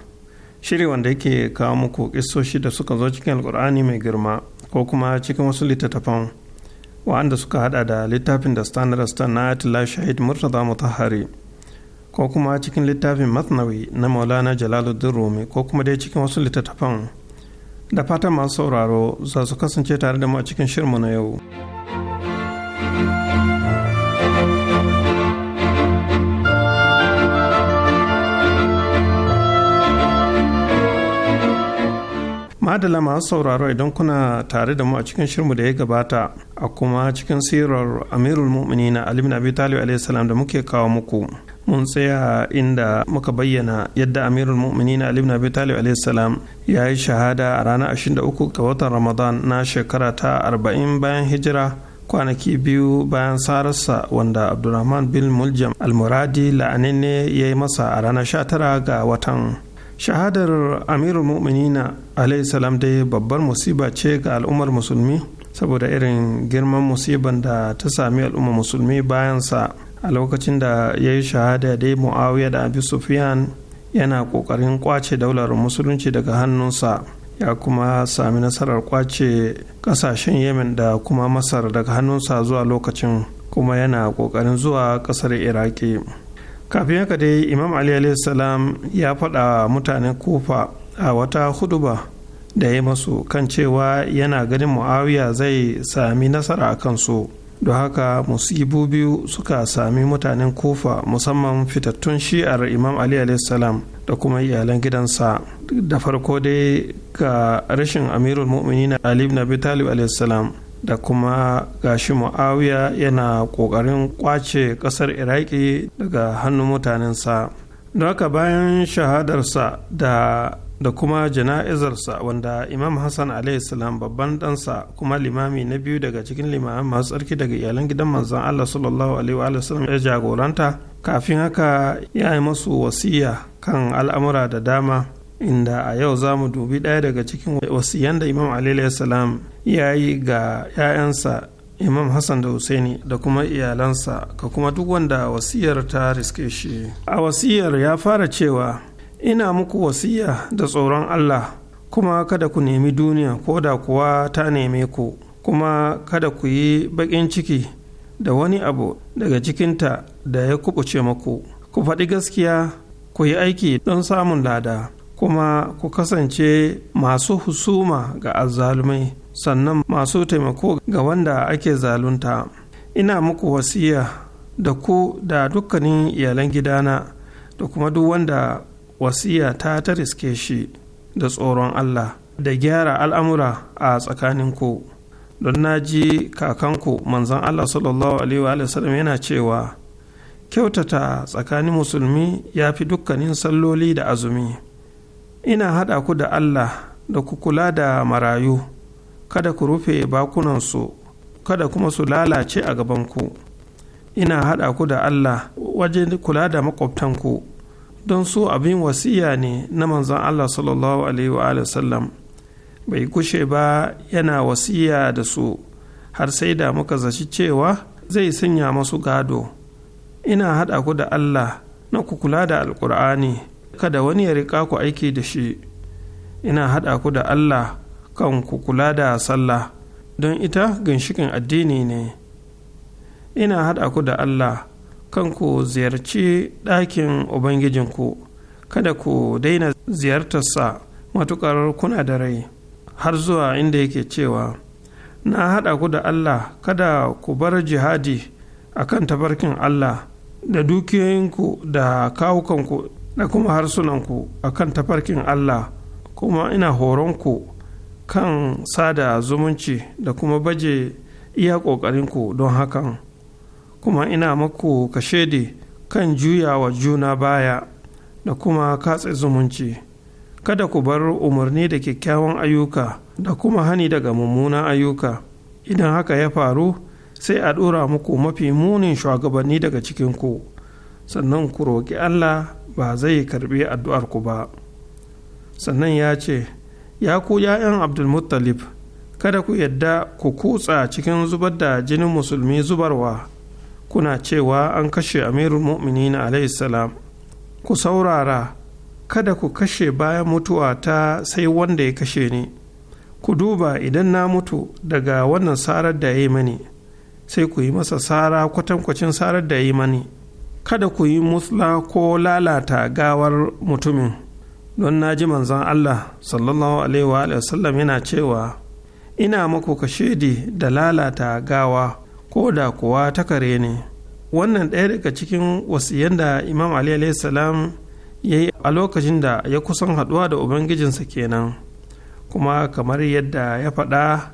Speaker 3: shiri wanda yake kawo muku kisoshi da suka zo cikin alkur'ani mai girma ko kuma cikin wasu littattafan wa'anda suka hada da littafin da standard star na atila shahid murtaza mutahari ko kuma cikin littafin masnawi na maulana jalaluddin rumi ko kuma dai cikin wasu littattafan da fatan masu sauraro za su kasance tare da mu a cikin shirin mu na yau. madala masu sauraro idan kuna tare da mu a cikin shirmu da ya gabata a kuma cikin sirar amirul mu'mini na bin abi talib a.s. da muke kawo muku mun tsaya inda muka bayyana yadda amirul mu'mini na ibn abi talib a.s. ya yi shahada a ranar 23 ga watan ramadan na shekara ta 40 bayan hijira kwanaki biyu bayan sararsa wanda abdulrahman bin muljam almuradi ne ya yi masa a ranar 19 ga watan shahadar amirul mu'minina alayhi salam dai babbar musiba ce ga al'ummar musulmi saboda irin girman musiban da ta sami al'ummar musulmi bayansa a lokacin da ya yi shahada dai muawiya da abu sufyan yana kokarin kwace daular musulunci daga hannunsa ya kuma sami nasarar kwace kasashen yemen da kuma masar daga hannunsa zuwa lokacin kuma yana kokarin zuwa kasar iraki kafin haka dai imam ali salam ya faɗa mutanen kofa a wata huduba da ya masu kan cewa yana ganin muawiya zai sami nasara a kansu don haka musibu biyu suka sami mutanen kofa musamman fitattun shi'ar imam ali salam da kuma iyalan gidansa da farko dai ga rashin amirul mu'minin ali ibn abi talib da kuma gashi muawiya yana ƙoƙarin kwace ƙasar iraki daga hannun mutanensa don haka bayan shahadarsa da da kuma jana'izarsa wanda imam hassan salam babban ɗansa kuma limami na biyu daga cikin limamin masu tsarki daga iyalan gidan manzon allah sallallahu alaihi wa sallam ya jagoranta kafin haka ya yi masu wasiya kan al'amura da dama inda a yau za mu dubi ɗaya daga cikin wasiyan da imam alayhi salam ya yi ga 'ya'yansa imam hassan da husaini da kuma iyalansa ka kuma duk wanda wasiyar ta riske shi a wasiyar ya fara cewa ina muku wasiya da tsoron allah kuma kada ku nemi duniya ko da kuwa ta neme ku kuma kada ku yi baƙin ciki da wani abu daga cikinta da ya kubuce maku ku faɗi gaskiya ku yi aiki don samun lada kuma ku kasance masu husuma ga azzalumai sannan masu taimako ga wanda ake zalunta ina muku wasiya da ku da dukkanin iyalan gidana da kuma duk wanda wasiya ta ta riske shi da tsoron Allah da gyara al'amura a tsakaninku don na ji kakanku manzan Allah sallallahu alaihi wa yana cewa kyautata tsakanin musulmi ya fi dukkanin salloli da azumi. ina haɗa ku da Allah da ku kula da marayu kada ku rufe bakunansu kada kuma su lalace a gabanku ina haɗa ku da Allah wajen kula da maƙwabtanku don su abin wasiya ne na manzon Allah sallallahu alaihi wa sallam bai gushe ba yana wasiya da su har sai da muka zaci cewa zai sanya masu gado ina haɗa ku da Allah na ku kula da Alkur'ani. kada wani ya riƙa ku aiki da shi ina haɗa ku da Allah kan ku kula da sallah don ita ginshikin addini ne ina haɗa ku da Allah kan ku ziyarci ɗakin ubangijinku kada ku daina ziyartarsa matuƙar kuna da rai har zuwa inda yake cewa na haɗa ku da Allah kada ku bar jihadi a kan tafarkin Allah da dukiyoyinku da kawukanku da kuma harsunanku a kan tafarkin Allah kuma ina horonku kan sada zumunci da kuma baje iya ƙoƙarinku don hakan kuma ina maku kashedi kan juyawa juna baya da kuma katse zumunci kada ku bar umarni da kyakkyawan ayyuka da kuma hani daga mummunan ayyuka idan haka ya faru sai a ɗora muku mafi munin shugabanni daga cikinku sannan ku roƙi Allah ba zai karbi addu'ar ku ba sannan ya ce ya ku ‘ya'yan abdulmuttalib kada ku yadda ku kutsa cikin zubar da jinin musulmi zubarwa kuna cewa an kashe amirul mu'minin salam ku saurara kada ku kashe bayan mutuwa ta sai wanda ya kashe ni ku duba idan na mutu daga wannan sarar da ya yi mani sai ku yi masa sara kwatankwacin sarar da ya yi mani kada ku yi musla ko lalata gawar mutumin don na ji manzon Allah sallallahu alaihi wa yana cewa ina maku kashedi da lalata gawa ko da kuwa ta kare ne wannan ɗaya daga cikin wasiyan da imam ali salam ya yi a lokacin da ya kusan haɗuwa da ubangijinsa kenan kuma kamar yadda ya faɗa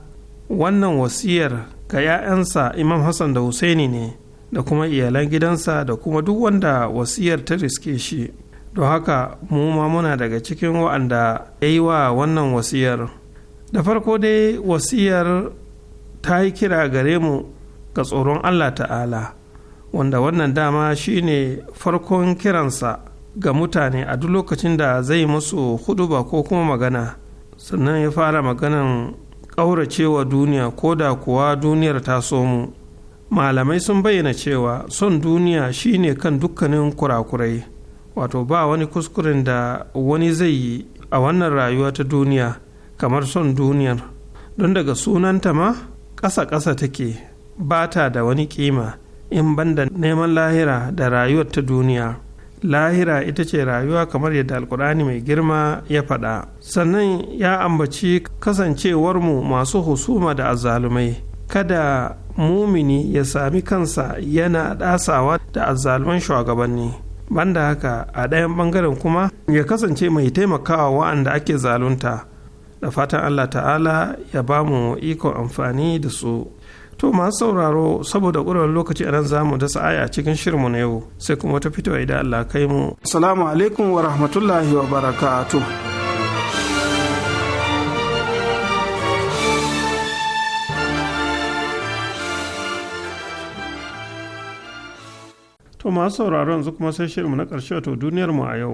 Speaker 3: wannan wasiyar ga 'ya'yansa imam hassan da husaini ne da kuma iyalan gidansa da kuma duk wanda wasiyar ta riske shi don haka mu ma muna daga cikin wa'anda ya yi wa wannan wasiyar da farko dai wasiyar ta yi kira gare mu ga tsoron allah ta'ala wanda wannan dama shine farkon kiransa ga mutane a duk lokacin da zai musu hudu ba ko kuma magana sannan ya fara maganan ƙauracewa duniya ko da kuwa duniyar ta so mu malamai sun bayyana cewa son duniya shine kan dukkanin kurakurai wato ba wani kuskuren da wani zai yi a wannan rayuwa ta duniya kamar son duniyar don daga sunanta ma ƙasa-ƙasa take ba ta da wani kima in banda neman lahira da rayuwar ta duniya lahira ita ce rayuwa kamar yadda alkur'ani mai girma ya faɗa sannan ya ambaci kasancewarmu masu husuma da azalumai kada mumini ya sami kansa yana ɗasawa da azzaluman shugabanni banda haka a ɗayan ɓangaren kuma ya kasance mai taimakawa wa'anda ake zalunta da fatan allah ta'ala ya ba mu ikon amfani da su to masu sauraro saboda ƙurar lokaci a nan za mu dasa aya cikin shirinmu na yau sai kuma ta fito idan allah kai mu assalamu alaikum wa rahmatullahi wa barakatuh To masu sauraro yanzu kuma sai shirinmu na ƙarshe wato duniyarmu a yau.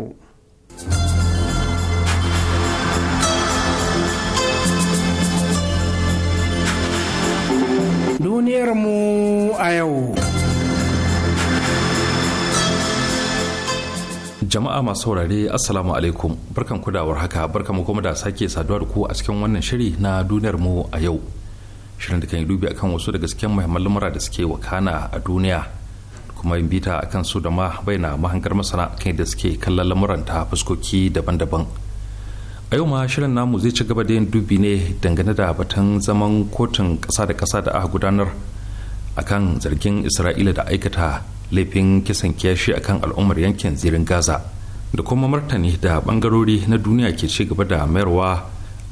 Speaker 5: Duniyarmu a yau.
Speaker 4: Jama'a masu saurare Assalamu alaikum barkan kudawar haka barkan kuma da sake saduwa da ku a cikin wannan shiri na duniyar mu a yau. Shirin da kan yi dubi akan wasu daga cikin muhimman lamura da suke wakana a duniya kuma yin bita akan su da ma na mahangar masana kan da suke kallon lamuran ta fuskoki daban-daban a yau ma shirin namu zai ci gaba da yin dubi ne dangane da batun zaman kotun ƙasa da ƙasa da aka gudanar a kan zargin isra'ila da aikata laifin kisan kiyashi kan al'ummar yankin zirin gaza da kuma martani da bangarori na duniya ke ci gaba da mayarwa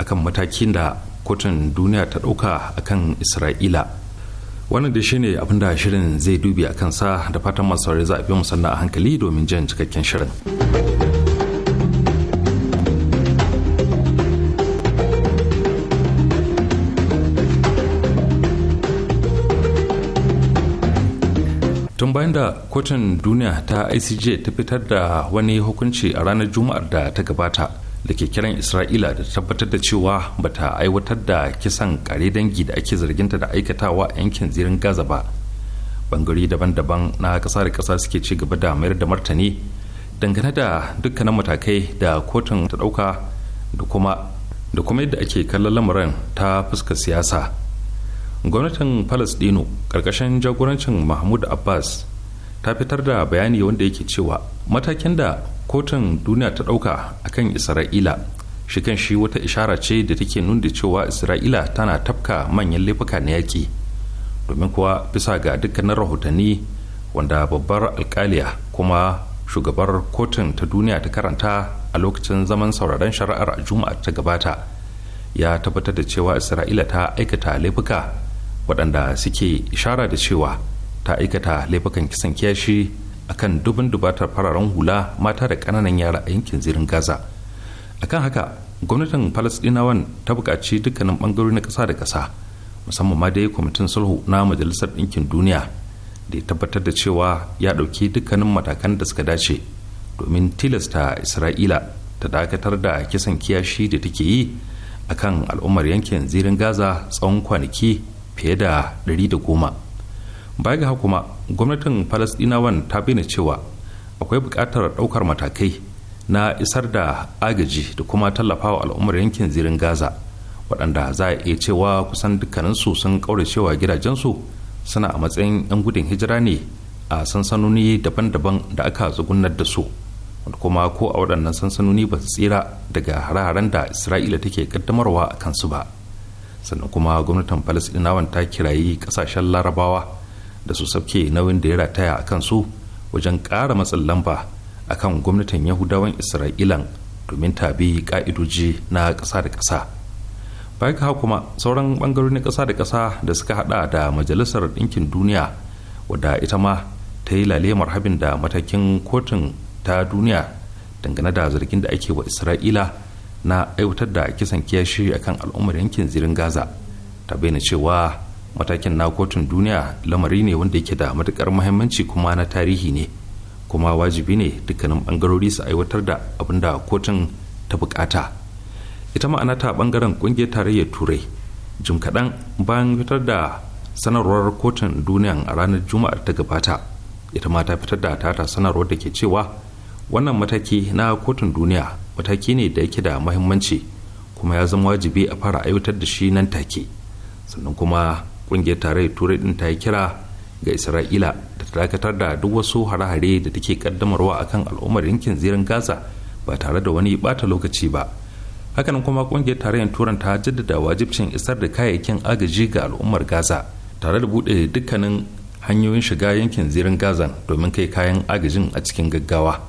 Speaker 4: akan matakin da kotun duniya ta ɗauka akan isra'ila wannan da shine abin da shirin zai dubi a kansa da fatan masu saurari za a bi musanna a hankali domin jan cikakken shirin tun bayan da kotun duniya ta icj ta fitar da wani hukunci a ranar juma'ar da ta gabata da ke kiran isra'ila da tabbatar da cewa ba ta aiwatar da kisan kare dangi da ake zarginta da aikatawa a yankin zirin gaza ba bangare daban-daban na kasa da kasa suke ci gaba da mayar da martani dangane da dukkanin matakai da kotun ta ɗauka da kuma da kuma yadda ake kallon lamarin ta fuskar siyasa gwamnatin palestino ƙarƙashin jagorancin mahmud abbas ta fitar da bayani wanda yake cewa matakin da kotun duniya ta ɗauka a kan isra'ila shi kan shi wata ishara ce da take nuna cewa isra'ila tana tafka manyan laifuka na yaƙi domin kuwa bisa ga dukkanin rahotanni wanda babbar alkaliya kuma shugabar kotun ta duniya ta karanta a lokacin zaman sauraron shari'ar a juma'a ta gabata ya tabbatar da cewa isra'ila ta aikata laifuka waɗanda suke ishara da cewa ta aikata laifukan kisan kiyashi akan dubin dubatar fararen hula mata da ƙananan yara a yankin zirin gaza akan haka gwamnatin falasɗinawan ta buƙaci dukkanin ɓangarori na ƙasa da ƙasa musamman ma dai kwamitin sulhu na majalisar ɗinkin duniya da ya tabbatar da cewa ya ɗauki dukkanin matakan da suka dace domin tilasta isra'ila ta dakatar da kisan kiyashi da take yi akan al'ummar yankin zirin gaza tsawon kwanaki fiye da 110 baya ga kuma gwamnatin falasdinawan ta bayyana cewa akwai buƙatar ɗaukar matakai na isar da agaji da kuma tallafawa al'ummar yankin zirin gaza waɗanda za a iya cewa kusan dukkaninsu sun ƙauracewa gidajensu suna a matsayin 'yan gudun hijira ne a sansanoni daban-daban da aka zugunar da su wanda kuma ko a waɗannan sansanoni ba su tsira daga hare-haren da isra'ila take kaddamarwa a kansu ba sannan kuma gwamnatin falasɗinawan ta kirayi ƙasashen larabawa da su sauke nauyin da ya rataya a kan su wajen ƙara matsin lamba a kan gwamnatin yahudawan isra'ilan domin ta bi ƙa'idoji na ƙasa da ƙasa bayan haka kuma sauran ɓangarorin ƙasa da ƙasa da suka hada da majalisar ɗinkin duniya wadda ita ma ta yi lalemar habin da matakin kotun ta duniya dangane da zargin da ake wa isra'ila na aiwatar da kisan kiyashi akan al'ummar yankin zirin gaza ta bayyana cewa matakin na kotun duniya lamari ne wanda yake da matukar muhimmanci kuma na tarihi ne kuma wajibi ne dukkanin bangarori su aiwatar da abin da kotun ta bukata ita ma'ana ta bangaren kungiyar tarayyar turai jim kaɗan bayan fitar da sanarwar kotun duniya a ranar juma'ar ta gabata ita ma ta fitar da tata sanarwar da ke cewa wannan mataki na kotun duniya mataki ne da yake da muhimmanci kuma ya zama wajibi a fara aiwatar da shi nan take sannan kuma kungiyar tarayyar turai din ta yi kira ga isra'ila da ta dakatar da duk wasu hare-hare da take kaddamarwa akan al'ummar yankin zirin gaza ba tare da wani bata lokaci ba hakanan kuma kungiyar tarayyar turan ta jaddada wajibcin isar da kayayyakin agaji ga al'ummar gaza tare da buɗe dukkanin hanyoyin shiga yankin zirin gazan domin kai kayan agajin a cikin gaggawa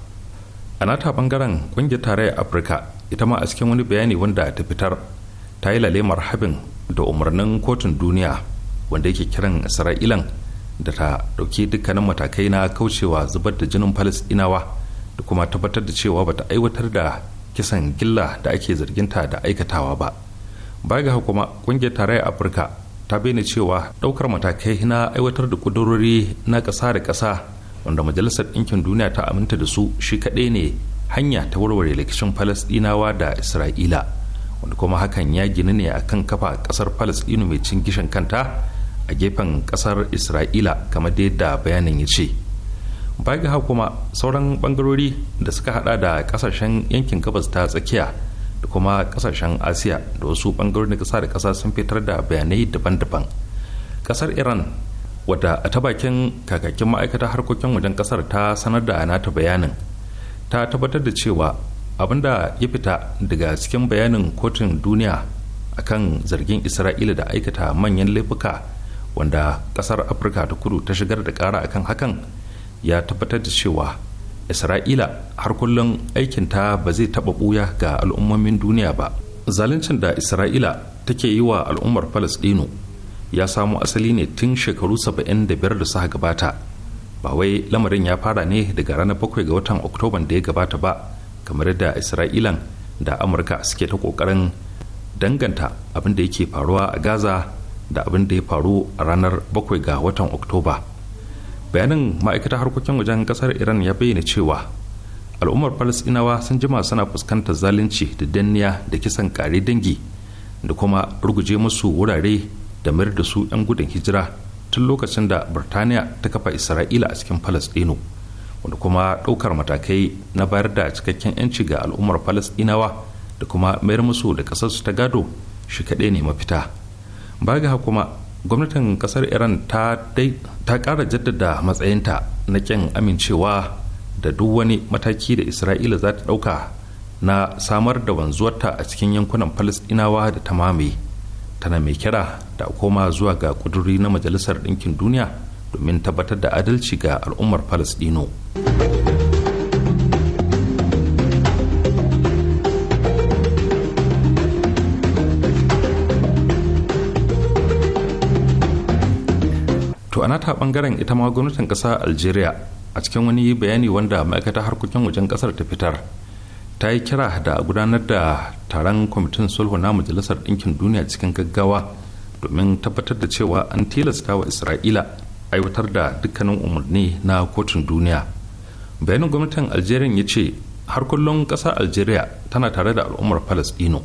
Speaker 4: a nata bangaren kungiyar tarayyar afirka ita ma a cikin wani bayani wanda ta fitar ta yi lalemar habin da umarnin kotun duniya wanda yake kiran isra'ilan da ta ɗauki dukkanin matakai na kaucewa zubar da jinin falastinawa da kuma tabbatar da cewa bata aiwatar da kisan gilla da ake zarginta da aikatawa ba baya ga kuma ƙungiyar tarayyar afirka ta bayyana cewa ɗaukar matakai na aiwatar da ƙudurori na ƙasa da ƙasa wanda majalisar ɗinkin duniya ta aminta da su shi kaɗai ne hanya ta warware rikicin falasɗinawa da isra'ila wanda kuma hakan ya gini ne akan kafa ƙasar falastinu mai cin gishin kanta a gefen kasar isra'ila kamar dai da bayanin ya ce bai ga kuma sauran bangarori da suka hada da kasashen yankin gabas ta tsakiya da kuma kasashen asiya da wasu bangarori na kasa da kasa sun fitar da bayanai daban-daban kasar iran wadda a ta bakin kakakin ma'aikatar harkokin wajen kasar ta sanar da nata bayanin ta tabbatar da cewa abinda ya fita daga cikin bayanin kotun duniya akan zargin isra'ila da aikata manyan laifuka wanda kasar afirka ta kudu ta shigar da kara akan hakan ya tabbatar da cewa isra'ila har kullum aikinta ba zai taɓa ɓuya ga al'ummomin duniya ba zaluncin da isra'ila take yi wa al'ummar palestino ya samo asali ne tun shekaru saba'in da biyar da suka gabata ba wai lamarin ya fara ne daga ranar bakwai ga watan oktoban da ya gabata ba kamar da isra'ilan da amurka suke ta kokarin danganta abin da yake faruwa a gaza da abin da ya faru a ranar 7 ga watan oktoba bayanin ma'aikatar harkokin wajen kasar iran ya bayyana cewa al'ummar falasinawa sun jima suna fuskantar zalunci da danniya da kisan kare dangi da kuma ruguje musu wurare da mayar da su 'yan gudun hijira tun lokacin da birtaniya ta kafa isra'ila a cikin falasɗinu wanda kuma ɗaukar matakai na bayar da cikakken 'yanci ga al'ummar falasɗinawa da kuma mayar musu da ƙasarsu ta gado shi kaɗai ne mafita baga kuma gwamnatin kasar iran ta kara jaddada matsayinta na kyan amincewa da duk wani mataki da isra'ila za ta dauka na samar da wanzuwarta a cikin yankunan palestinawa da ta mamaye tana mai kira da koma zuwa ga kuduri na majalisar ɗinkin duniya domin tabbatar da adalci ga al'ummar palestino. ana ta bangaren ita ma gwamnatin ƙasa algeria a cikin wani bayani wanda ma'aikata harkokin wajen ƙasar ta fitar ta yi kira da gudanar da taron kwamitin sulhu na majalisar ɗinkin duniya cikin gaggawa domin tabbatar da cewa an tilasta wa isra'ila aiwatar da dukkanin umarni na kotun duniya bayanin gwamnatin algeria ya ce har kullum ƙasar algeria tana tare da al'ummar palestino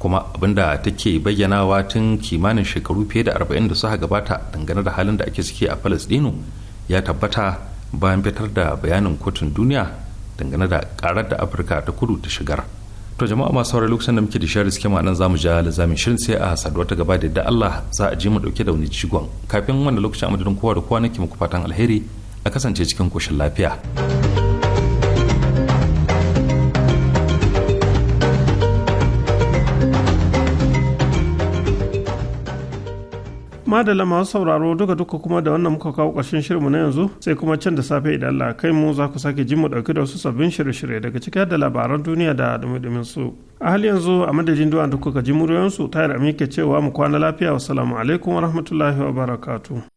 Speaker 4: kuma abinda take bayyanawa tun kimanin shekaru fiye da 40 da suka gabata dangane da halin da ake ciki a palestino ya tabbata bayan fitar da bayanin kotun duniya dangane da karar da afirka ta kudu ta shigar to jama'a masu saurari lokacin da muke da shirin suke nan zamu ja lizamin shirin sai a saduwa ta gaba da yadda Allah za a ji mu dauke da wani jigon kafin wannan lokacin a madadin kowa da kowa nake muku fatan alheri a kasance cikin koshin lafiya.
Speaker 3: madalla masu sauraro duka duka kuma da wannan muka kawo ƙarshen shirinmu na yanzu sai kuma can da safe idan Allah kai mu za ku sake jin mu ɗauki da wasu sabbin shirye-shirye daga cikin da labaran duniya da dumi su a hali yanzu a madadin duwa da kuka ji su tayar amin ke cewa mu kwana lafiya wasalamu alaikum wa rahmatullahi wa barakatu.